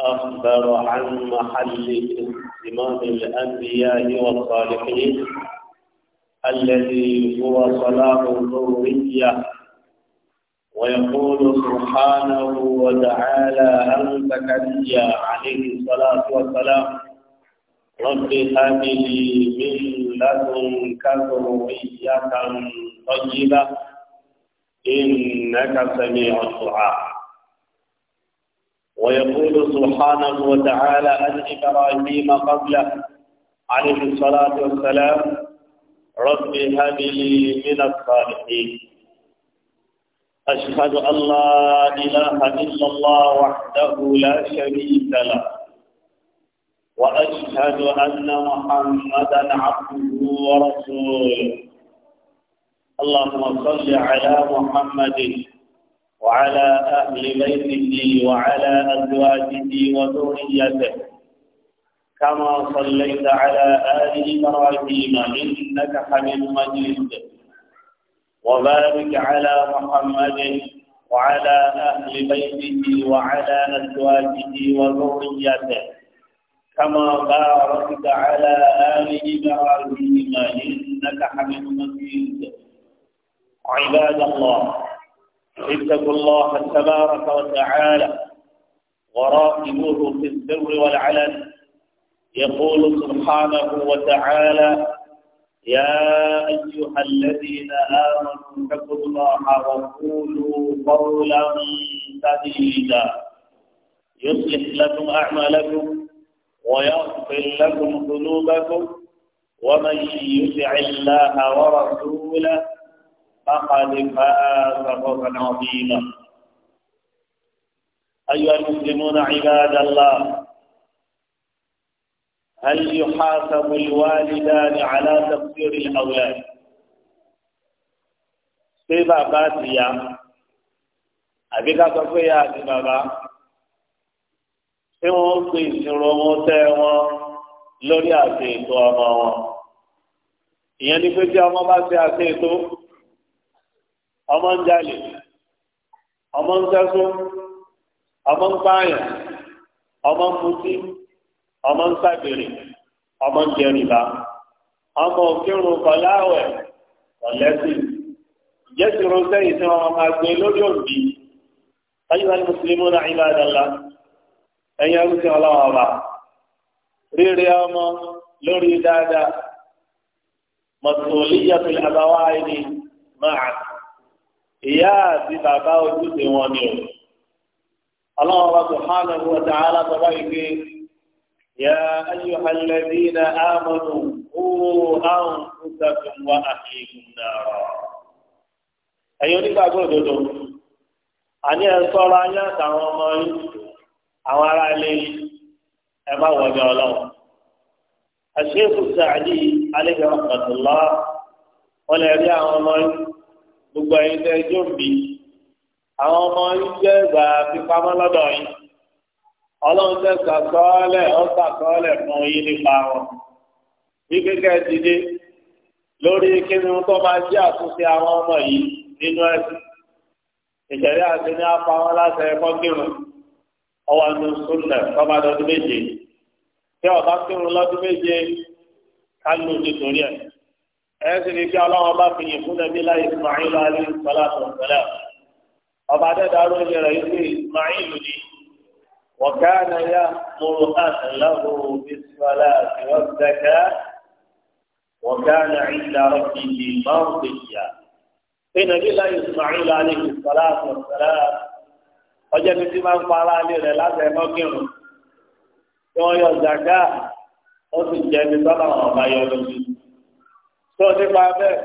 أخبر عن محل اهتمام الأنبياء والصالحين الذي هو صلاة الضرورية ويقول سبحانه وتعالى عن زكريا عليه الصلاة والسلام رب هب لي من لدنك ذرية طيبة إنك سميع الدعاء ويقول سبحانه وتعالى أن إبراهيم قبله عليه الصلاة والسلام رب هب لي من الصالحين أشهد أن لا إله إلا الله وحده لا شريك له وأشهد أن محمدا عبده ورسوله اللهم صل على محمد وعلى أهل بيته وعلى أزواجه وذريته كما صليت على آل إبراهيم إنك حميد مجيد وبارك على محمد وعلى أهل بيته وعلى أزواجه وذريته كما باركت على آل إبراهيم إنك حميد مجيد عباد الله اتقوا الله تبارك وتعالى وراقبوه في السر والعلن يقول سبحانه وتعالى يا أيها الذين آمنوا اتقوا الله وقولوا قولا سديدا يصلح لكم أعمالكم ويغفر لكم ذنوبكم ومن يطع الله ورسوله فقد فاز فوزا عظيما أيها المسلمون عباد الله هل يحاسب الوالدان على تقصير الأولاد؟ ṣé bàbá ti ya àbí ká sọ pé ya àti bàbá ṣé wọn ó pe ìṣòro wọn tẹ wọn lórí àti ètò ọmọ wọn ìyẹn ni pé tí ọmọ bá ṣe àti ètò ọmọ ń jalè ọmọ ń sẹ́sọ́ ọmọ ń pààyàn ọmọ ń mutí ọmọ ń ṣàgbèrè ọmọ ń jẹrìbá ọmọ òkèrún kọláwẹ̀ ọ̀lẹ́sìn jẹ́sì rọ́ṣẹ́ ìsìn ọmọ máa gbé lórí òbí ayíwá ní mùsùlùmí náà ìlà àdàlà ẹ̀yìn arúgbó ọlọ́wọ́ ọba rírí ọmọ lórí dáadáa mọ̀tòlíyàtò àbáwá ẹni máa ìyá àti bàbá ojúṣe wọn ni o ọlọ́run wa wa ya ayyuhal ala amanu qu anfusakum wa ahlikum nara ẹ̀yin onígbàgbọ́ òdodo àní ẹ̀ ń sọ́ra ayé àtàwọn ọmọ yín àwọn ará ilé yín ẹ má wọlé ọlọ́run àṣeyẹ́kù sàdí alẹ́ kí wọ́n lọ́wọ́ wọ́n lè rí àwọn ọmọ gbogbo ẹ̀yin tẹ́ ẹjọ́ ń bi àwọn ọmọ yín jẹ́ ìgbà fipamọ́ lọ́dọ̀ yín ọlọ́run tẹ́ sàkọọ́lẹ̀ ọ̀sàkọọ́lẹ̀ fún yín nípa wọn bí kíkẹ́ ti dé lórí kíni tó máa jẹ́ àtúnṣe àwọn ọmọ yìí nínú ẹ̀sìn ìjẹ̀rí àti ní apá láti ẹ̀kọ́ kírun ọwọ́ ẹnu súnlẹ̀ tọ́ba lọ́dún méje tí ọba kírun lọ́dún méje ká lù nítorí ẹ̀ ẹ̀sìn ní kí ọlọ́wọ́ bá fi yìn fún nàbí láì ismail alẹ́ ìsọ́látọ̀ ìsọ́lá ọba dẹ́dàrú ní rẹ̀ ilé ismail ni wọ̀kánà yá múru àtàláwò ìsọ́lá ìwọ́sẹ̀ká wọ̀kánà ìdàrọ̀ ìdí mọ́ọ̀dẹ̀yà pé nàbí láì ismail alẹ́ ìsọ́látọ̀ ìsọ́lá ọjọ́ ní tí máa ń para alẹ́ rẹ̀ láti ẹ̀mọ́ kírun tí wọ́n yọ zaka ó sì jẹ́ ní sọ́nà ọ̀bá yọ lójú tó nípa bẹ́ẹ̀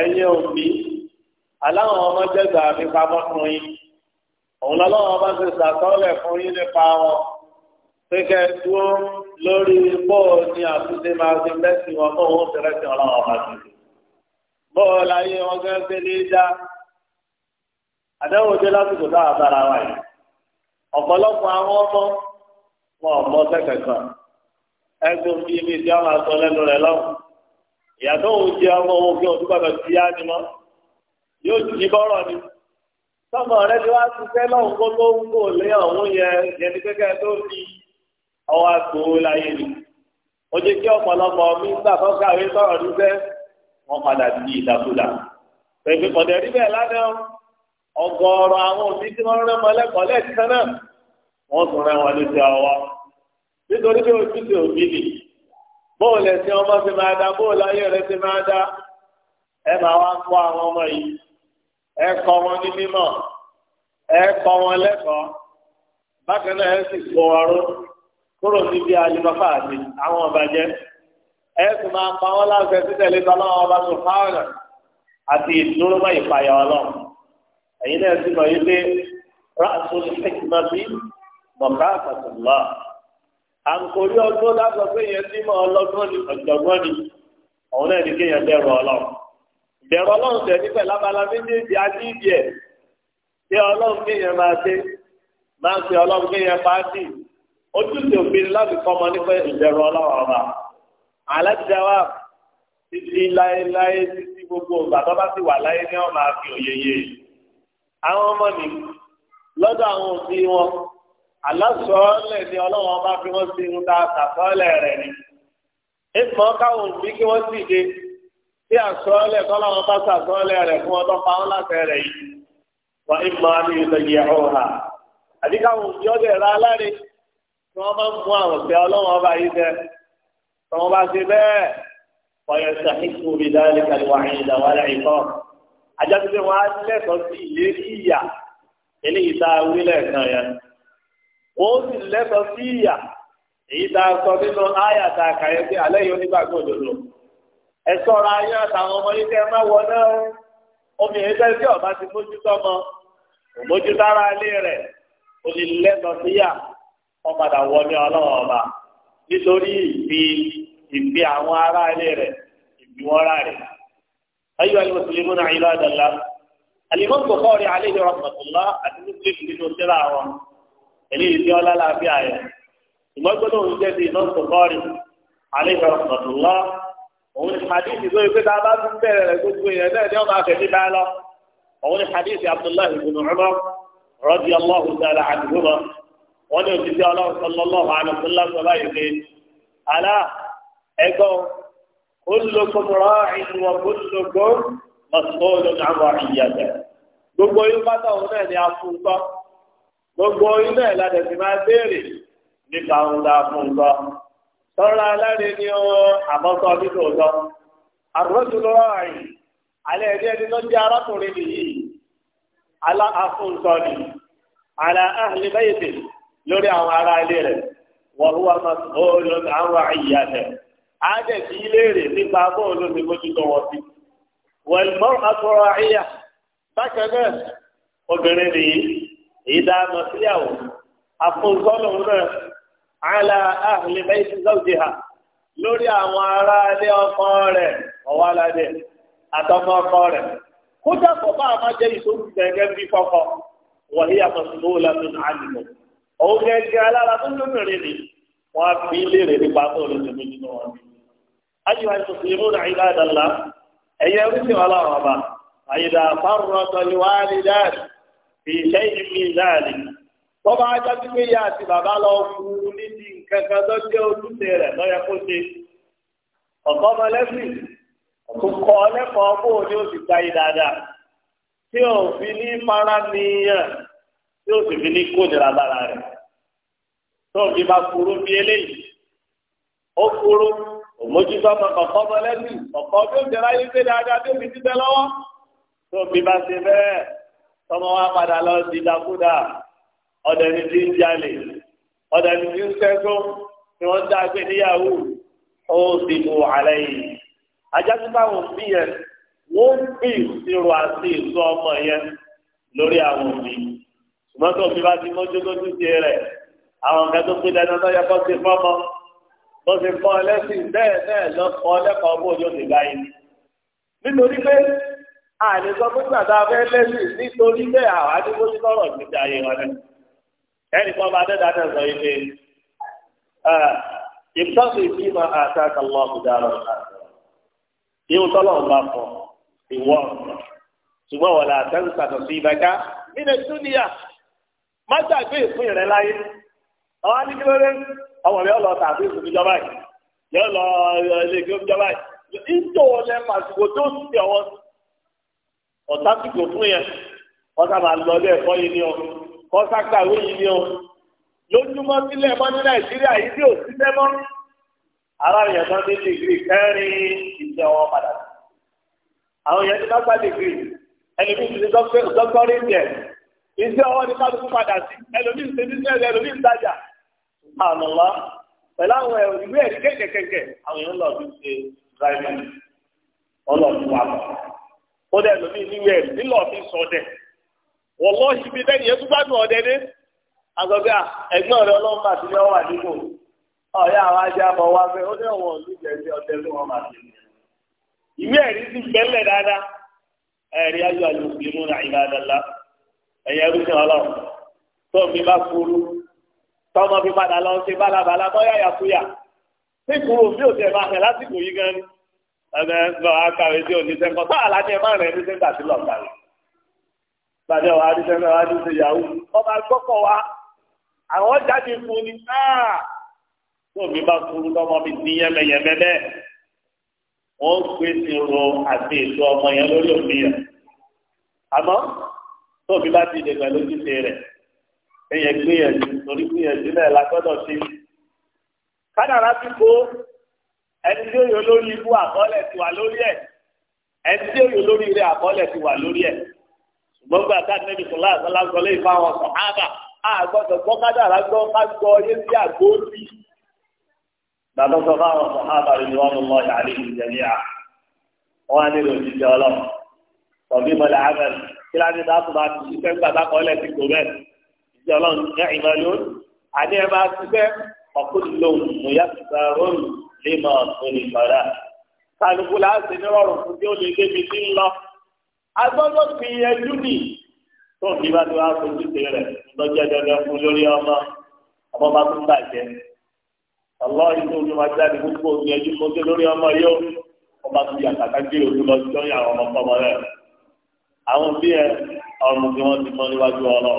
ẹ̀yin òbí aláwọn ọmọ jẹ́gbà mi pamọ́ fún yín òun lọ́wọ́ bá ti sàtọ́lẹ̀ fún yín nípa wọn pé kẹ́ ẹ dúró lórí bọ́ọ̀ ni àtúnṣe máa fi bẹ́sì wọn kó òun fẹ́rẹ́ sí ọlọ́wọ́ bá ti dùn. bọ́ọ̀ láyé wọn fẹ́ fẹ́ lé dá àdáwò dé lásìkò táwọn abára wa yìí ọ̀pọ̀lọpọ̀ àwọn ọmọ wọn ò mọ sẹ́kẹ̀ẹ́ ẹgbẹ́ òfin mi ti àwọn àtọ́ lẹ́nu lọ́wọ́. ìyàtọ̀ òun jẹ ọmọ òun kí ọdún ti yá ni mọ́ yóò jí bọ́rọ̀ ni sọmọ rẹ ti wá ṣiṣẹ́ lọ́hùn kó tó ń kó lé ọ̀hún yẹn yẹn ní tó fi ọwọ́ àtò tó kàwé sọ̀rọ̀ wọ́n padà di ìdàkudà bẹ́ẹ̀ lánàá ọgọ́rọ̀ àwọn òbí tí wọ́n rán mọ́lẹ́kọ̀ọ́ lẹ́ẹ̀kan náà wọ́n tún rán wọn bóòlù ẹsẹ ọmọ ti máa da bóòlù ayé rẹ ti máa da ẹ máa wá kọ́ àwọn ọmọ yìí ẹ kọ́ wọn ní mímọ̀ ẹ kọ́ wọn lẹ́kọ̀ọ́ bákan náà ẹ sì kó ọrú kúrò níbi alimọfà àti àwọn ọbàjẹ́ ẹ sì máa pa wọn láṣẹ títẹ̀lé tọlọ ọba tó fáwọn àti ìdúrómọ ìpayà Ọlọ́run ẹ̀yin náà sì mọ̀ yìí pé rásùlù hikmati mọkà àtàtúmọ àǹkórí ọdún láti ọgbẹ́ yẹn tí mọ́ ọlọ́gbọ́n ni ọ̀jọ̀gbọ́n ni òun náà ní kéèyàn bẹ̀rù ọlọ́run bẹ̀rù ọlọ́run tẹ̀ nípẹ̀ lábala méjèèjì ajíǹdì ẹ̀ ṣé ọlọ́run kéèyàn máa ṣe máa ń ṣe ọlọ́run kéèyàn pàṣẹ ojúṣe òfin láti kọ́mọ nípa ìbẹ̀rù ọlọ́run ọba alájẹwà títí láéláé títí gbogbo ìgbà tó bá ti wà láyé ní ọmọ àfi òyeye àwọn ọmọ mi lọ́dọ̀ àwọn òbí wọn alásọ̀ọ́lẹ̀ ni ọlọ́run ọba fi wọ́n sí irun tá a sàkọọ́lẹ̀ rẹ̀ ni ìmọ̀ káwọn òbí kí wọ́n sì dé bí àsọ̀ọ́lẹ̀ kọ́lọ́run ọba sàkọọ́lẹ̀ rẹ̀ fún ọdọ́ pa wọn láti rẹ̀ yìí wọ́n ìmọ̀ àmì ìtọ́jú ẹ̀họ́ ha àbí káwọn òbí ọdẹ ra aláre tí wọ́n bá ń mú àwọn ọ̀sẹ̀ ọlọ́run ọba yìí jẹ tí wọ́n bá ṣe bẹ́ẹ̀ wọ́yọ̀ sàkíkù bí dáálé kàlùwà ìdàwálẹ̀ ìkọ́ àjọṣepọ̀ wọn á lẹ́tọ̀ọ́ sí ìlérí ìyà wọ́n si lẹ́tọ̀ọ́ sí ìyà èyí tá a sọ nínú àyà tá a pé alẹ́ yìí ẹ sọ̀rọ̀ ayé àtàwọn ọmọ yìí kẹ́ ẹ má wọ náà omi tí ọba ti mójútó ọmọ òmójútó ilé rẹ̀ òní lẹ́tọ̀ọ́ sí ìyà wọ́n padà wọ ní ọba nítorí ìfi ìfi àwọn ará ilé rẹ̀ ìfi wọn rà rẹ̀ ayé náà kọ́ eléyìí tí ọlá láàbí ààyè ìmọ̀gbọ́dọ̀ òun jẹ́ ti ìnáwó kọ́rin àlejò ọ̀sọ̀tùnlá òun ni hadithi tó yẹ pé tá a bá tún bẹ̀rẹ̀ rẹ̀ gbogbo yẹn náà ni wọ́n máa fẹ̀mí bá lọ òun ni hadithi abdullahi ibn umar rọ́bì allahu ta'ala àdúgbò wọn ni òjijì ọlọ́run sallallahu alaihi wasallam sọ báyìí pé alá ni a fún un tán. gbogbo ilé ìlànà ti máa béèrè nípa ohun tá a fún lọ tọ́lá aláre ni ó àbọ̀sọ nínú ọ̀dọ́ àrùbọ́sù lọ́wọ́ àyè alẹ́ ẹ̀dí ẹni tó jẹ́ arákùnrin nìyí aláàfúnsọ ni àlà ahli bayti lórí àwọn ará ilé rẹ̀ wọ́n wá máa sọ ọ́ àwọn àyíyá rẹ̀ á dẹ̀ léèrè nípa wọ́n àyíyá bákan náà obìnrin nìyí. èyí tá a mọ̀ sílẹ̀ àwọn àfọ̀nsọ́nù náà àlà ahli bayti zawjiha lórí àwọn ará ilé ọkọ rẹ̀ ọkọ rẹ̀ kódà kò bá a máa jẹ́ ìṣòro gẹ́gẹ́ bí fọ́kọ wọ̀nyí àfọ̀nsọ́nù lọ́dún ìṣe ìmí láàlì wọ́n bá jẹ́ pípé ìyá àti bàbá lọ fún un níbi nǹkan kan tó jẹ́ ojúṣe rẹ̀ lọ́yẹ kó ṣe ọ̀kọ́ ọmọ lẹ́sìn tó kọ́ lẹ́kọ̀ọ́ kó o ní oṣù gbayì dáadáa tí o fi ní fara nìyàn tí o sì fi ní kó nira lára rẹ̀ tó o fi bá kúrú bí eléyìí ó kúrú òmójútó ọmọ kọ̀ọ̀kọ́ ọmọ lẹ́sìn ọ̀kọ́ tó jẹ́ láyé pé dáadáa tó fi ti tẹ́ lọ́wọ́ tó o fi bá ṣe bẹ́ẹ̀ tọmọ wa padà lọ dìdàkúdà ọ̀dẹ̀ ni ti ń jalè ọ̀dẹ̀ ni ti ń sẹ́kó ni wọ́n dá pé níyàwó ó ti bò àlẹ́ yìí ajásí báwọn òbí yẹn wọ́n bí ìṣirò àti ìṣọ́ ọmọ yẹn lórí àwọn òbí ṣùgbọ́n tó òbí bá ti mójú ti rẹ̀ àwọn nǹkan tó pé dandan náà yẹ kó fọ́mọ bó ti fọ́ ẹlẹ́sìn bẹ́ẹ̀ bẹ́ẹ̀ lọ́kọ́ ọlẹ́kọ̀ọ́ bó yóò ti gbá nítorí pé àlè sọ pé gbàdá fẹ́ lẹ́sìn nítorí bẹ́ẹ̀ àwọn adigun ní sọ̀rọ̀ níta ayé wọn náà ẹnì kan bá dẹ́dá náà sọ yìí pé ìtọ́sí ìdí máa àti àkàlọ́ ọ̀gbìdàrọ̀ ìhun tọ́lọ̀ ń bá fọ ìwọ ṣùgbọ́n wọ́n là sẹ́nu sàtọ̀ sí ìbẹ́ká nílẹ̀ túnìyà má gbàgbé ìpín rẹ láyé àwọn adigunlẹ̀ ọmọ mi ọlọ tàbí ìfúnjọba yìí yọ lọ ilé ìgbẹ́ ìjọba yìí ìjọ ọ̀tá sì kò fún yẹn ọ̀tá máa lọ ilé ẹ̀kọ́ yìí ni ọ kọ́sá yìí ni ọ lójúmọ́ sílẹ̀ mọ́ ní nàìjíríà ní kẹrin ìjẹ́ padà àwọn yẹn ti bá gbá ti dọ́kítọ́rì ni kálukú padà sí ẹlòmí ti ti sẹ́yìn ẹlòmí ti tajà pẹ̀lú àwọn ìwé àwọn yẹn fi ṣe kódà ẹlòmíì níwé ẹ̀rí nílò fi sọ ọdẹ wọ́lọ́ ibi bẹ́ẹ̀ ni ẹtú gbádùn ọdẹ dé àgọ́gẹ́ ẹ̀gbọ́n rẹ ọlọ́run bá ti ní ọwọ́ àdínkù ọ̀yá àwọn ajé àbọ̀ wá fẹ́ ó ní ọ̀wọ́ olùjẹ́ sí ọdẹ tí wọ́n máa ti ìwé ẹ̀rí ti gbẹ́lẹ̀ dáadáa ẹ̀rí ayọ̀ àlùfíìmù náà ìbádàlá ẹ̀yẹ rúṣin ọlọ́run tó mi bá furu tọ́mọ fi padà lọ sí bálabàlá bọ́yá yàkúyà tí kúrò bí òtẹ̀ máa fẹ́ lásìkò yìí gan ni ẹgbẹ́ lọ akáwé tí oníṣẹ́ ńkọ́ sáà láti ẹ̀ máa rẹ̀ ní sẹ́ńtà sí lọ́ọ̀tà rẹ̀. Gbàdé wa ní sẹ́ńtà wa ní ṣèyàwó. Ọba gbọ́kọ̀ wa, àwọn jáde fún ni náà. Ah! Tí òbí bá kúrú lọ́mọ mi ní yẹmẹyẹmẹ bẹ́ẹ̀. Wọ́n gbé sí ro àti èso ọmọ yẹn lórí òbí rẹ̀. Àmọ́ tí òbí bá ti dègbà lójúṣe rẹ̀, ẹ̀yẹ gbìyànjú torí gbìyànjú náà lágbọ́dọ̀ sí. Kádàrá ti kó ẹni tí ó yọ lórí ibú àkọọ́lẹ̀ ti wà lórí ẹ̀ ẹni tí ó yọ lórí rẹ̀ àkọọ́lẹ̀ ti wà lórí ẹ̀ ṣùgbọ́n gba ká nẹ́bí sọlá àtàlà sọlé ìfáwọn sọ̀hábà àgbọ̀dọ̀ gbọ́kádàrá gbọ́ ká gbọ́ yé sí àgbo bí. Bàbá sọ fáwọn sọ̀hábà rẹ̀ ni wọ́n mú mọ́ ìyàlẹ́ ìjẹ̀lẹ́ à. Wọ́n á nílò òjijì ọlọ́run. Tọ̀bí mọ̀lẹ́ àmẹ́ lima olùmọ̀ra kálukú láti nírọ̀rùn fún tí ó lè débi tí ń lọ agbọ́dọ̀ fi ẹjú nì tó ní bá ti wá fojú sí rẹ̀ lọ́jọ́ dandan fún lórí ọmọ ọmọ bá tún bàjẹ́ ọlọ́ọ̀yì tó ní wájú àti gbogbo òbí ẹjú kó sí lórí ọmọ yóò ọba tó yà kàkà gbé òkú lọ sí ọyà àwọn ọmọkọmọ rẹ àwọn bí ẹ ọrùn tí wọn ti mọ níwájú ọlọ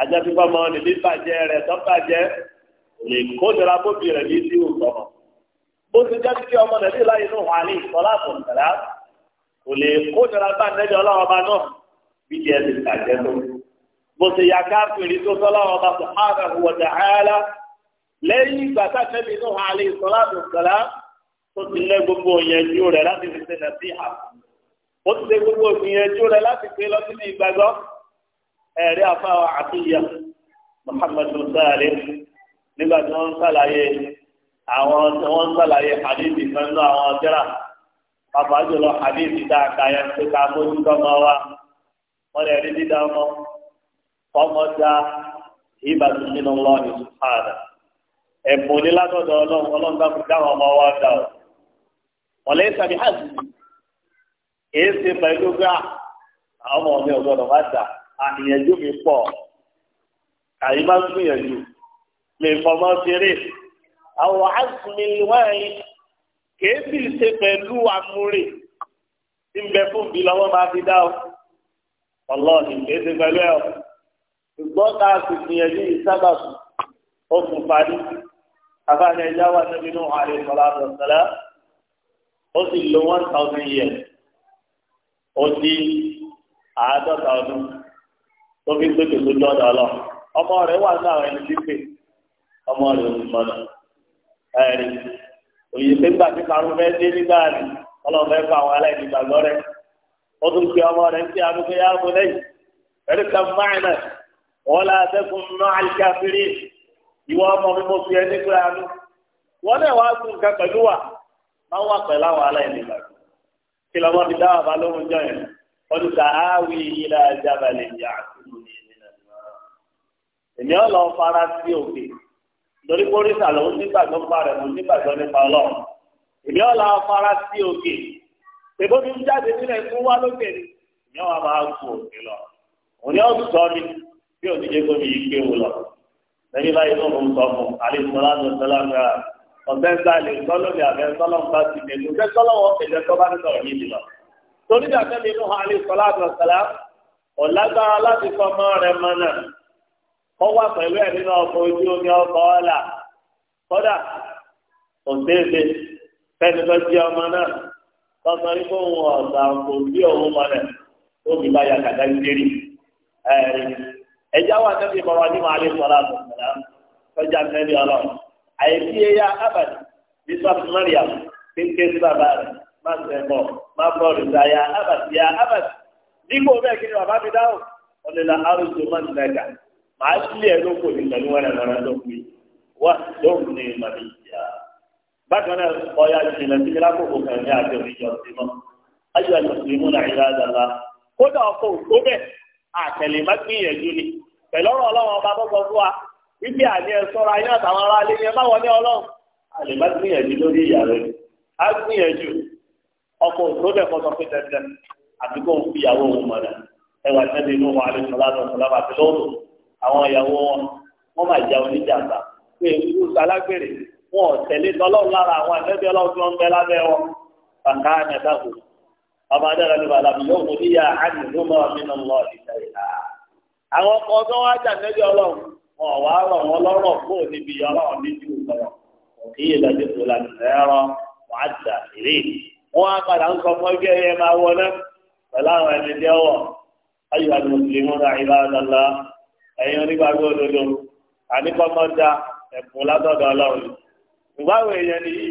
ajá pípọ́ mọ́ ní bíbàjẹ́ rẹ̀ tọ́bàjẹ́ lè kó dara bóbi rẹ̀ ní sí òkú bó ti jẹ́ kí ọmọ nàbí láyé nù wà ní ìsọlá àtọ̀nàlá kò lè kó nira bá nẹ́jọ́ ọlọ́wọ́ bá náà bí jẹ́ ti tàjẹ́ tó. bó ti ya káfíìrì tó sọ ọlọ́wọ́ bá sọ ààrẹ wọ̀ dà áyálà lẹ́yìn ìgbà tàbí nù wà ní ìsọlá àtọ̀nàlá tó ti lẹ́ gbogbo ìyẹnjú rẹ̀ láti fi ṣe nàbí àpò. ó ti lẹ́ gbogbo ìyẹnjú rẹ̀ láti pé lọ sínú ìgbàgbọ́ ẹ̀rí afáwà àtúnyà Muhammadu sáré nígbà tí wọ́n ń sàlàyé àwọn tí wọn sàlàyé hadithi kan lọ àwọn jẹrà pàpà jùlọ a pé ká bójú wa lè rí dídá ọmọ ọmọ dá ìbàdàn nínú lọ́ọ̀nì sùpàdà ẹ̀bùn ní látọ̀dọ̀ ọlọ́run ọlọ́run bá fi ọmọ wa dà lè sàbí èyí ṣe pẹ̀lú ah, àwọn ọmọ àwọn asùnmíwáyé kèé sì ṣe pẹ̀lú àmúrè tí ń bẹ fún bí lọ́wọ́ máa fi dá o ọlọ́ọ̀ni kèé ṣe pẹ̀lú ẹ̀ o ṣùgbọ́n ká sì gbìyànjú ìsábà okùn parí afáàní ẹja wà níbi inú àlè sọlá àtọ̀sẹ̀lá ó sì lo one thousand years ó di àádọ́ta ọdún tó fi gbèdè lójú ọ̀dọ̀ ọlọ́ ọmọ rẹ̀ wà ní àwọn ẹni tí pè ọmọ rẹ̀ ò sì mọ̀ náà. ẹ̀rí òyìnbó nígbà tí karùn fẹ́ dé nígbà rí ọlọ́run fẹ́ fà wọn gbàgbọ́ rẹ ó tún pe ọmọ rẹ sí arúgbó ya mo lẹ́yìn ẹ̀rí kan máìnà wọn là sẹ́kùn náà ìwọ ọmọ mi mo fi àánú náà nǹkan pẹ̀lú wa wà pẹ̀lú àwọn gbàgbọ́ kí lọ́mọ dá bàbá lóhun jọ yẹn ilé ajá balẹ̀ yà á ní ìlú torí pé oríṣà lòun nígbàgbọ́ ń bá rẹ̀ mọ̀ nígbàgbọ́ nípa ọlọ́run èmi ọ̀la afárá sí òkè tèbó mi ń jáde sílẹ̀ fún wá lókè ni èmi ọ̀la máa ń kú òkè lọ òní ọ̀sùn sọ mi bí òní jẹ́ gómi yìí kéwù lọ lẹ́yìn báyìí tó ń sọ fún alẹ́sọ̀lá lọ́sọ̀lá náà ọ̀sẹ̀ ń sálẹ̀ sọ́lọ́mì àbẹ́ sọ́lọ́mù bá ti dé lóṣẹ́ sọ́lọ́wọ́ kẹ̀lẹ́ tó bá ń sọ̀rọ̀ yìí lọ. torí ó wà pẹ̀lú ẹ̀ nínú ọkọ̀ ojú omi ọkọ̀ ọ̀la kódà òṣèlè fẹ́ni tó ọmọ náà tọ́sọ ní kó wọn ọ̀sà kò sí òun mọ́lẹ̀ tó bá ya kàdá ẹ̀rí wà ní sọ̀rọ̀ tọ́jà mẹ́rin abàdì kéńké sábà rẹ̀ má má màá sílé ẹ lóko ní pẹ̀lú wọn ẹ̀rọ lọ́kùnrin wá lóhùn ní màmí bákan náà ọ̀yà ìṣẹ̀lẹ̀ ní sí mọ́ ayé mú náà ìlà àdàlà kódà ọkọ̀ òkú bẹ́ẹ̀ àtẹ̀lé má gbìyànjú ni pẹ̀lú ọ̀rọ̀ ọlọ́run ọba fún wa wípé àní ẹ sọ́ra ayé àtàwọn ará ni ẹ má wọlé ọlọ́run àlè má gbìyànjú lórí àwọn ìyàwó wọn ma máa jẹ oníjàmbá pé ewu sálágbèrè wọn ò tẹ̀lé lára àwọn ẹ̀fẹ́ ọlọ́run tí wọ́n ń bẹ lábẹ́ wọn kàkà àyàdàgbò ọba adára ni bàbá mi yóò mú níyà ánìlúmọ̀ mi nà lọ ìlà. àwọn ọkọ tó wá jà wọn wá wọn kó níbi níbi tó wọn á jà ìrè. wọn ẹ̀yin onígbàgbọ́ òdodo àníkọ́mọ́dá ẹ̀kún látọ̀dọ̀ ọlọ́run ìgbàwọ̀ èèyàn nìyí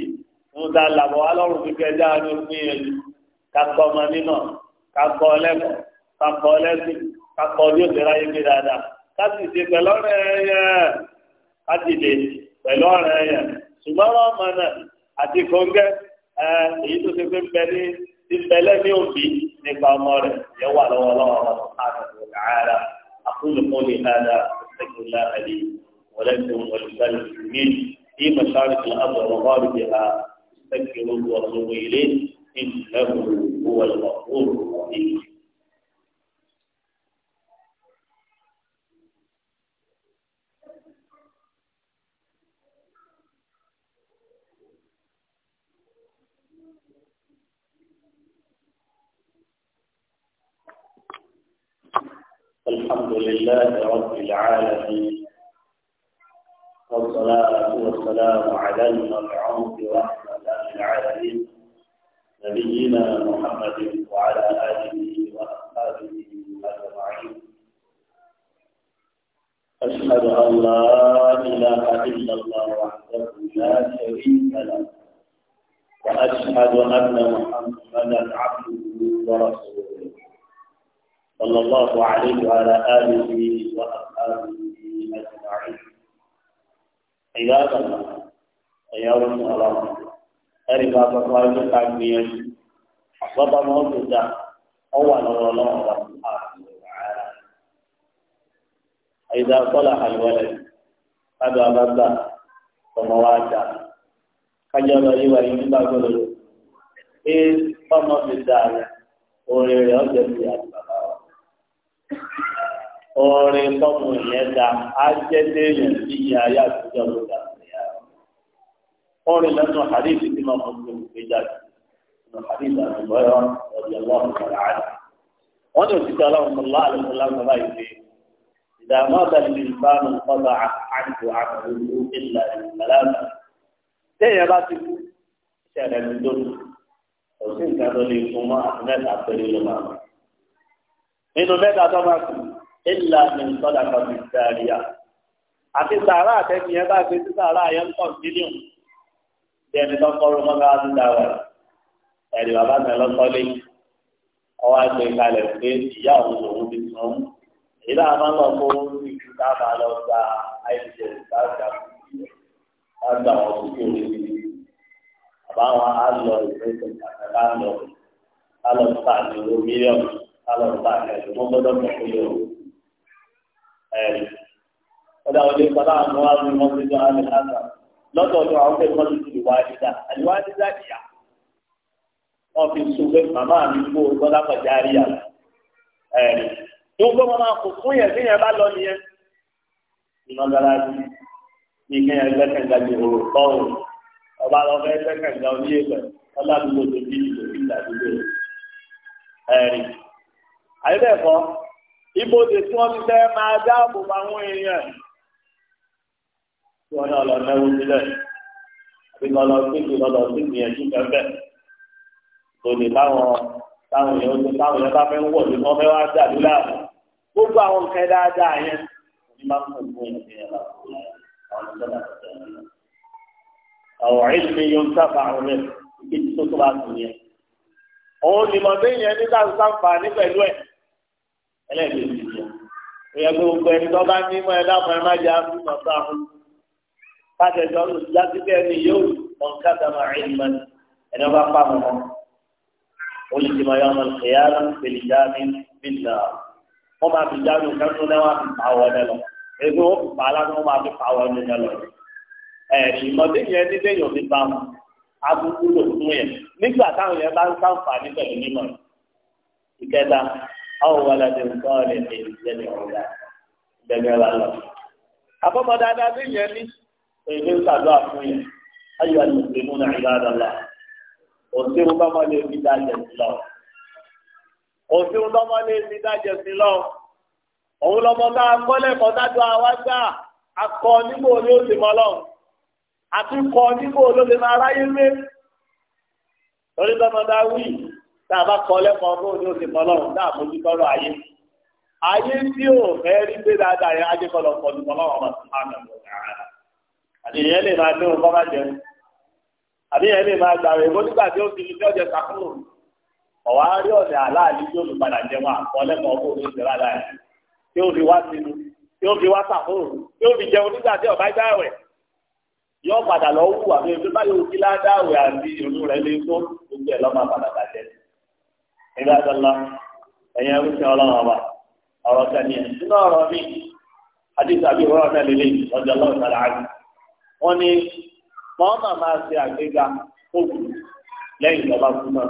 ń da làbọ̀ wá lọ́rùn kíkẹ́ já ní òfin ẹ̀yìn kakọ́ ọmọ nínà kakọ́ ọlẹ́kọ̀ọ́ kakọ́ ọlẹ́sìn kakọ́ ọdún òṣèré ayé mi dáadáa káti ṣe pẹ̀lú ọ̀rẹ́ ẹ̀yẹ káti lè pẹ̀lú ọ̀rẹ́ ẹ̀yẹ ṣùgbọ́n wọn mọ̀ náà àti kóńgẹ́ èyí tó ṣe pé ń bẹ ní ti bẹ̀lẹ́ ní òbí nípa ọmọ rẹ̀ yẹ wà lọ́wọ́ lọ́wọ́ ọmọ أقول قولي هذا أستغفر الله لي ولكم وللمسلمين في مشارق الأرض ومغاربها استغفروه وأتوبوا إليه إنه هو الغفور الرحيم الحمد لله رب العالمين والصلاة والسلام على المبعوث رحمة العالمين نبينا محمد وعلى آله وأصحابه أجمعين أشهد أن لا إله إلا الله وحده لا شريك له وأشهد أن محمدا عبده ورسوله صلى الله عليه وعلى آله وأصحابه أجمعين عباد الله يا رب الله أرجع تقارب تعبير بابا موت ده أول الله سبحانه وتعالى إذا صلح الولد هذا بابا ومواجع كجاب لي وإن بابا إيه فما في الدار ورياضة في orin tọmọ yẹn da ajẹdẹ yẹn bí iye ayé àtijọ́ ló dà sí ya orin lẹnu hadith tí ma mọ tó gbé jáde lẹnu hadith àtúbọyọ ọdí Ọlọ́run kọlá àdá wọn ní òtítọ́ Ọlọ́run mọlá àlùmọlá kọlá ìgbé ìdààmú àtàlẹ ìbánu kọlá àdùn àkàlù ìlà ìgbàlá téèyàn bá ti kú ìṣẹ̀lẹ̀ ti tó òsì nǹkan tó lè fún mọ àti mẹ́ta péré ló mọ nínú mẹ́ta tó máa kù ìlà mi sọ́dà kan mi sàríà àti sàrà àtẹ́kì yẹn bá ṣe sí sàrà yẹn ń tọ̀ mílíọ̀nù bí ẹni tó kọ́ ọmọ bá ti dà wà ẹ̀rì bàbá mi lọ́sọ́lé ọwọ́ àgbẹ̀ kalẹ̀ pé ìyá òun lòun ti sùn èyí náà máa ń lọ fún ìlú dábàá lọ gba àìsè láti àgbà wọn tó kéré níbi bàbá wọn á lọ ìgbésẹ̀ kàkà ká lọ ká lọ sáà ní owó mílíọ̀nù ká lọ sáà ní ẹ̀dùn mọ́gbọ́dọ̀ tó kéré o ẹ̀rí ọ̀dà òde padà àwọn àwọn ọmọ ti tó àmì àgbà lọ́tọ̀ọ̀tọ̀ àwọn fẹ́ẹ́ mọ́ títí ìwà àdìdá àdìwá àdìdá ìyá wọn fi sùn pé màmá mi kú gbọ́dọ̀ pàjá àríyá ẹ̀rí tó gbọ́ mọ́ máa kó fún yẹn fún yẹn bá lọ nìyẹn ìmọ̀gára ní kẹ́yìn ẹgbẹ́kẹ̀ǹgà ní òrò tọ́wọ̀ ọba lọ́fẹ́ ẹgbẹ́kẹ̀ǹgà orí ẹgbẹ́ ọlá àdúgbò tó bí ìlú ìlú ibodè tí wọ́n ti fẹ́ máa dáàbò bá àwọn èèyàn tí wọ́n náà lọ náwó sílẹ̀ tí wọ́n lọ síbi lọ́dọ̀ síbi yẹn tún fẹ́fẹ́ lòdì táwọn táwọn èèyàn tó táwọn èèyàn bá fẹ́ ń wọ̀ ní wọ́n fẹ́ wá dàbí láàbò gbogbo àwọn nǹkan dáadáa yẹn ní máa ń fún ìgbó yẹn sí ẹ̀rọ àwọn ìjọba àwọn ìlmi yóò sábà àwọn ẹ̀ ìkejì tó tó bá tún yẹn òun ni mọ̀ ẹlẹ́ẹ̀kejì yẹn ìyẹn pé gbogbo ẹni tó bá ní mọ́ ẹ dákun ẹ má jẹ́ àfi mọ̀tà fún kájẹjọ́ lásì pé ẹni yóò mọ̀ káta máa rìn mọ́ ẹni ọba pa mọ́ olùdìmọ̀ yọ ọmọ ìyá pèlè jáde bílà wọ́n máa fi jáde kẹ́kọ̀ọ́ náà wọ́n fi pa àwọn lọ ẹgbẹ́ wọ́n pa aláwọ̀ wọ́n máa fi pa àwọn lọ ẹ̀rì ìmọ̀dé yẹn nílé yóò fi bá wọn abúlé lò yẹn nígbà táwọn yẹn bá ń sáǹfà nípẹ̀lú mímọ̀ ìkẹta أو ولد صالح يدعو له دمير الله أبو مدادا بن يعني فإذن سعدوا أفوية أيها المسلمون عباد الله òsirun bá máa lè si dájẹ sí lọ òsirun bá máa lè fi dájẹ sí òun a gbà akọ nígbà òní òsì mọ́ àti nígbà tá a bá kọ́ lẹ́kọ̀ọ́ bó ni ó ti kọ́ lọ́rùn tá a mójú tọ́rọ̀ ayé ayé tí ò fẹ́ rí pé dáadáa yẹn ajé kọ́lọ̀ pọ̀ lùkọ́ lọ́wọ́ ọmọ tó máa nàbọ̀ dáadáa àdéhìyẹn lè máa dé òun bọ́ máa jẹun àdéhìyẹn lè máa gbà rẹ̀ bó nígbà tí ó ti fi ọjọ́ sàkúrò ọ̀wá rí ọ̀dẹ̀ aláàlí tí ó fi padà jẹun àkọ́ lẹ́kọ̀ọ́ bó ni padà lọ wù àbí ebi báyọ̀ òkú ládàáwẹ̀ àti ìrù rẹ̀ lé tó gbogbo ẹ̀ lọ́ máa padà bàjẹ́ ìgbà àtọ́lá ẹ̀yẹ rúfin ọlọ́run ọba ọ̀rọ̀ tẹ̀lé nínú ọ̀rọ̀ mi àdìsá bí ìwọ́rọ̀ náà lélẹ̀ ọjọ́ lọ́wọ́ sàrà ájú wọ́n ní mọ́ọ́mà máa ṣe àgbéga òkú lẹ́yìn ìjọba fún náà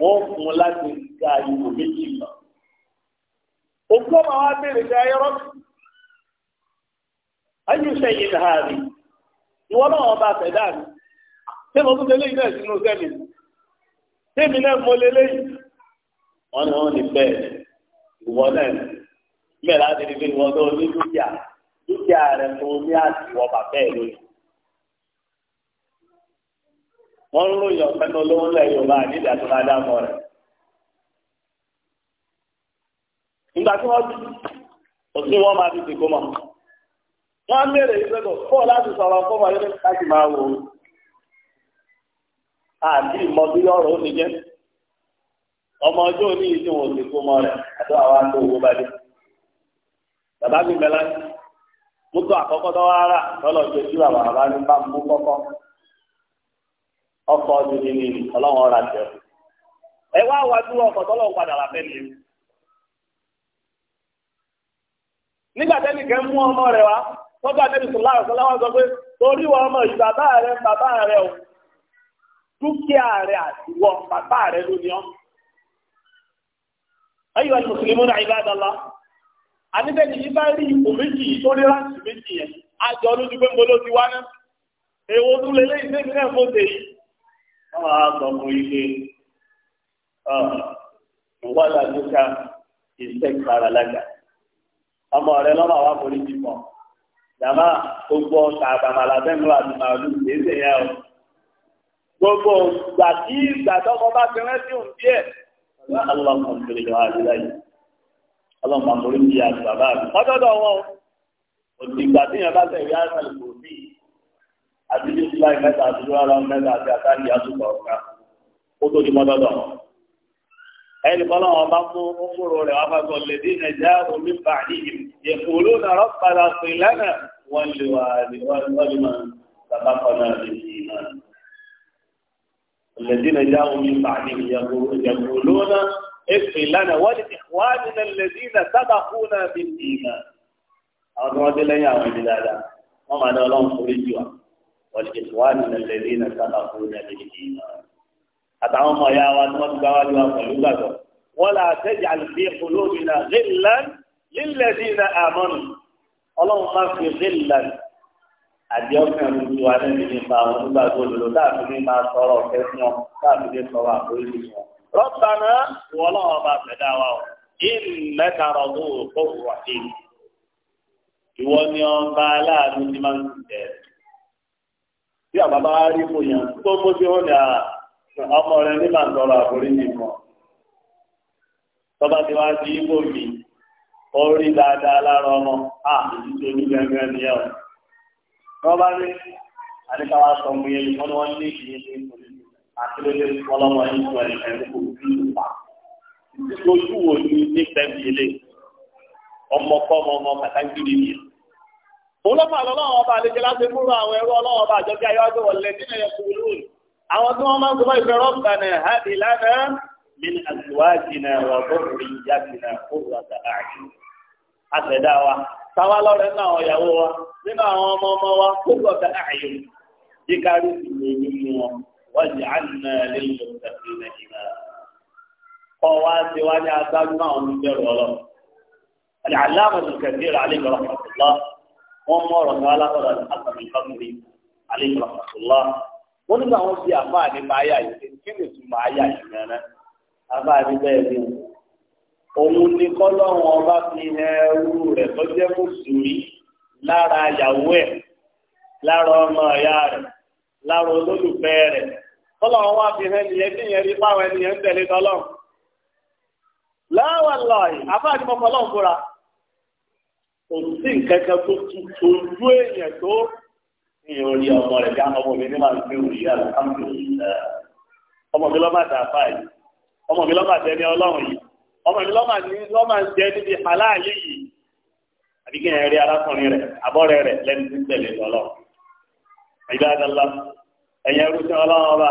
wọ́n fún un láti ga ìwò méjì lọ. òkú ọmọ wa béèrè ṣe ayọ́rọ́ ayé ṣe yìí ní àárín ìwọ́n náà ọba àtẹ̀dá mi ṣé mo tún lélẹ́yìn náà sínú sẹ́mi sẹ́mi náà mo wọ́n ní wọ́n ní bẹ́ẹ̀ ìwọ náà bẹ́ẹ̀ láti rí bí ìwọ tó ní dúkìá dúkìá rẹ̀ tó ní àtiwọ́ bàbá ẹ̀ lónìí. wọ́n ń ròyìn ọ̀pẹ́ ní olówó ńlẹ̀ yorùbá àdídì àti ládàmọ́ rẹ̀. ìgbà tí wọ́n bí òsín wọn máa fi dìgbò mọ́. wọ́n á mèrè ìgbẹ́dọ̀ fọ́ láti sọ̀rọ̀ fọ́mọ yẹn láti máa wò ó. àti ìmọ̀ bí ọ̀rọ̀ ó ti jẹ́ ọmọ ọjọ́ òní yìí wọn ò kó mọ rẹ̀ àti àwọn àti owó bá bàbá mi bẹ mútò àkọ́kọ́ tó wá rà lọ́lọ́ sí bàbá bàbá mi bá mú kọ́kọ́ ọkọ̀ dídí ni ọlọ́run ọ̀rà jẹ́ ẹ wá wá dúró ọkọ̀ tọ́lọ́run padà wà mi. nígbà tẹ́lẹ̀ kẹ́ mú ọmọ rẹ̀ wá tọ́gbà tẹ́lẹ̀ sùn láàrọ̀ sọ láwọn sọ pé torí wọn ọmọ yìí bàbá rẹ̀ bàbá rẹ̀ o dúkìá rẹ̀ àtiwọ́ bàbá rẹ̀ ló ní ayọ̀ alùsùlùmù náà ìbádọ́lá àníbẹ̀ni yìí bá rí ipò méjì tó lé láti méjì yẹn àjọ olójú pé mo ló ti wá náà èwo tún lè léyìn tẹ́mi náà fóde yìí wọ́n á sọ fún ilé ah, ìwọ́n làdúkà ìṣẹ́kara lága ọmọ rẹ lọ́mọ àwọn àforíjì mọ́ yàrá gbogbo ọ̀sà àbàmàlà bẹ́ẹ̀ àti màálù lẹ́sẹ̀ yẹn o gbogbo gbàtí ìgbàdọ́mọ bá ti rẹ́ sí òun aláwọ̀ kan kiri lọ́wọ́ àdúrà yìí aláwọ̀ kan kiri ti àti bàbá mi. ọ̀dọ́dọ̀ wọn òtí ìgbà tí yẹn bá tẹ̀ ìyá ẹ̀sán kò sí àti bí síláì mẹ́ta àti bí wàhálà mẹ́ta àti àtàkì àtúntò ọ̀gá ó tó di mọ́dọ́dọ̀ wọn. ẹnì kan náà wọn bá mú fúnfúnrò rẹ̀ wá fagbọ́ lè wà lè wọ́n lè máa الذين جاءوا من بعدهم يقولون اغفر لنا ولإخواننا الذين سبقونا بالإيمان أراد لنا يا ولدنا وما لهم خرجوا ولإخواننا الذين سبقونا بالإيمان أدعوا ما يا ولد وقالوا ولا تجعل في قلوبنا غلا للذين آمنوا اللهم ما في غلا àbí ọkàn mi ju alẹ́mi nípa àwọn onígbàgbọ́ òdodo láàfin mi máa sọ̀rọ̀ ọ̀fẹ́ fún ọ láàfin mi sọ̀rọ̀ àforíjì fún ọ. rọ́bànà wọ́n lọ́wọ́ bá fẹ̀dá wa o ìmẹ́ta rọ̀bù kò wà ní. ìwọ ni ọba aláàánú ti máa ń tẹ̀. bí àbábá rí kò yàn tó bó ṣe ó ọmọ rẹ ní sọ̀rọ̀ àforíjì fún ọ. tọ́ba ti wá sí ibò mi ó dáadáa lára ọmọ rọ́bà ní àdìkáwá sọ mú yẹn wọn ni wọn ní ìdíyẹ ní ìpòlì àtúndé ọlọ́mọ yìí tó ẹni ẹni kò fi ìpa ìtòjú wo ni nípa ìdílé ọmọkọ ọmọ ọmọ kàtàkìrì yìí olóòmà lọ́wọ́ ọba àlejò láti múlò àwọn ẹrú ọlọ́wọ́ ọba àjọ bí ayọ́dẹ wọlé nínú ẹ̀kọ́ olóòrùn àwọn tí wọ́n máa ń sọ ìfẹ́ rọ́ọ̀kà náà hàdì lánàá min àtiwájì náà wà bọ́ọ̀rì yàtì náà kó táwa lọ́rẹ̀ nínú àwọn ìyàwó wa nínú àwọn ọmọ ọmọ wa kó gbọ́dọ̀ ààyè yí kárí ìlú ìlú wọn wọ́n yà á nà lẹ́yìn ìlú ìlú kọ́ wa ti wá ní aṣáájú náà wọn ti bẹ̀rù ọlọ́ aláàmọ̀ tó kẹ̀sí rà alẹ́ ìjọba pàtàkùlá wọ́n mú ọ̀rọ̀ náà alákọ̀ọ́dọ̀ àtàkùn ìfọ́nmi alẹ́ ìjọba pàtàkùlá wọ́n nígbà wọn fi àfáà nípa ayé àyè kí ni ìtumọ̀ ayé àyè mẹ́rin àfáà ní bẹ́ẹ̀ ni òun ni kọ́lọ́run ọba fi ẹrú rẹ̀ tó jẹ́ mùsùlùmí lára ìyàwó ẹ̀ lára ọmọ ìyá rẹ̀ lára olólùfẹ́ rẹ̀ kọ́lọ́run wá fi hàn nìyẹn tí ìyẹn rí fáwọn ènìyàn ń tẹ̀lé tọ́lọ́run. láwọn lọ́ọ̀yì afáàdì mọ́kọ́ lọ́n fúnra kò sí nǹkan kan tó tutù ojú èèyàn tó ìyẹn ò rí ọmọ rẹ̀ já ọmọ mi ní máa ń gbé òrìyá àlùkámù ọmọ mi lọ́ bàtà fáyì ọmọ mi lọ́ bàtà ẹni ọlọ́run yìí ọmọ mi lọ́mà ní lọ́mà ń jẹ níbi aláàyè yìí àbí kí ẹ rí arákùnrin rẹ abọ́rẹ́ rẹ lẹ́nu tí tẹ̀lé lọ́lọ́ ìdájọ́lá ẹ̀yẹ rúṣin ọlọ́run ọba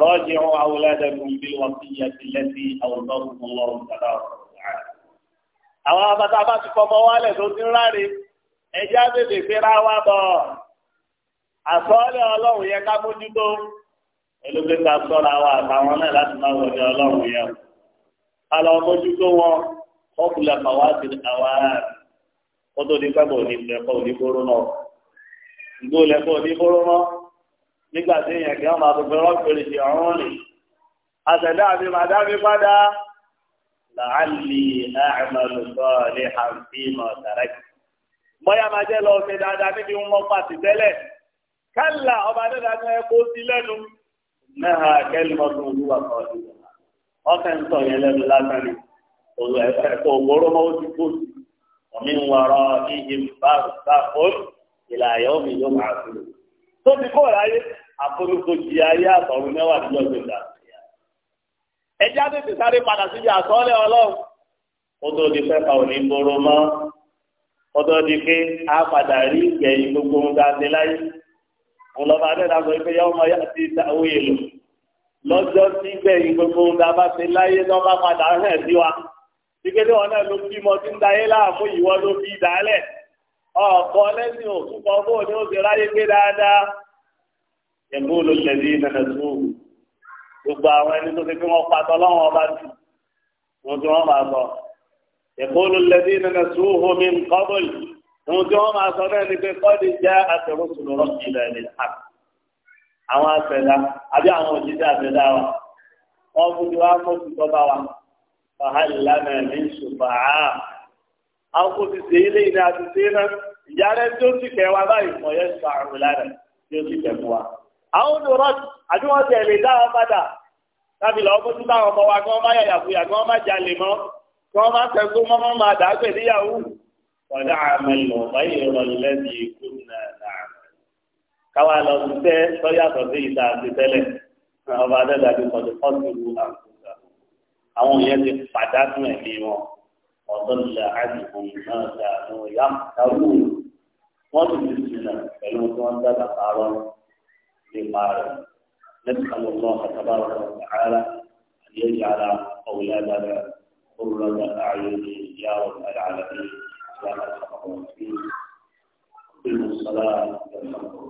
rọ́ọ̀jì ọ̀hún awolẹ́dẹ́gùn bí wọ́n fi yẹ ti lẹ́sí àwùjọ fún lọ́rùn dada àwọn abata bá ti fọmọ wálẹ̀ tó ti ń ráre ẹjẹ́ àtẹ̀tẹ̀ fẹ́ra wa bọ̀ àsọ́ọ́lẹ̀ ọlọ́run yẹ ká mójútó elógbèta sọ́ra wa àtàwọn náà láti má wọlé ọlọ́run yẹn kálọ̀ mójútó wọn ọ̀kùnlẹ̀ màwá ti àwa kótó ní pẹ́ bọ̀ ní ẹ̀kọ́ oníkóró náà ìgbó lẹ́kọ́ oníkóró náà nígbà tí èèyàn kí wọ́n máa tó fẹ́ràn pèrè sí ọ̀run ni àtẹ̀dá mi màdá mi padà làálì àmàlù sọ̀rọ̀ àǹfì mọ̀ tàrẹ́kì. bóyá máa jẹ́ lọ ṣe dáadáa níbi wọn pàtì tẹ́lẹ̀ kálá ọba dáadáa ní ẹ̀kọ́ sí lẹ́nu náà kẹ́lí mọ́tò olúwa kan ọkàn ń sọ yẹn lẹ́nu lásán ni òru ẹ̀kọ́ ògbóró mọ́wó ti kú ọ̀mí ń wọ̀rọ̀ ìhì báko ìlà ayọ̀ mi yóò máa fi lò. tó ti kó ìráyé àforúkojì ayé àtọ̀run mẹ́wàá níjọ́ gbèdà. ẹja tètè sáré padà síbi àsọ́lẹ̀ ọlọ́run. ó tó di fẹ́fà òní gbòòrò mọ́ ó tó di pé a padà rí ìgbẹ̀yìn gbogbo ohun tá a láyé. òun lọ́ba adẹ́dàgbọ́ ìgbéyàwó máa yá sí ìtàwé èlò lọ́jọ́ tí gbẹ̀yìn gbogbo ń dábàá ṣe láyé tó bá padà hàn sí wa ìgbélé wọn náà ló bímọ tí ń dayé láàmú ìwọ ló bí dálẹ̀ ọ̀pọ̀ lẹ́sìn òkúkọ bó ni ó ti ráyé gbé dáadáa ẹ̀mú ló tẹ̀lé ìnáná tó gbogbo àwọn ẹni tó ti fi wọn patọ́ lọ́wọ́ ọba tù wọn tí wọ́n máa sọ ẹ̀mú ló tẹ̀lé ìnáná tó omi nǹkan bọ̀lì wọn tí wọ́n máa sọ náà ni pé kọ́ni jẹ́ àtẹ̀rọ̀sùn lọ́rọ̀ ìlànà àti àwọn àṣẹ̀dá àbí àwọn òṣìṣẹ́ àṣẹ̀dá wa wọ́n fojú wa kó sì wa fàhálì lánà ní ṣùgbọ́n àwọn kò sì ṣe ilé ìdá àti ṣe náà ìyá tí ó sì kẹ wa báyìí mọ, yẹn sọ àrùn tí ó sì kẹ fún wa. àwọn àbí ti dá wọn padà bá wọn mọ wa kí yàyà kí jalè kí káwá lọ síṣẹ́ sọ́yàtọ̀ sí ìta àti tẹ́lẹ̀ ọba adẹ́dà ti sọ̀tún fọ́sùlù àǹkùsà àwọn yẹn ti pàdánù ẹ̀mí wọn ọ̀dọ́lẹ̀ àdìgún náà dànù ìyá kàwù wọ́n ti ti jìnnà pẹ̀lú tí wọ́n dàgbà pààrọ̀ lè máa rẹ̀ نسأل الله تبارك وتعالى أن يجعل أولادنا قرة أعين يا رب العالمين يا مرحبا بالصلاة والسلام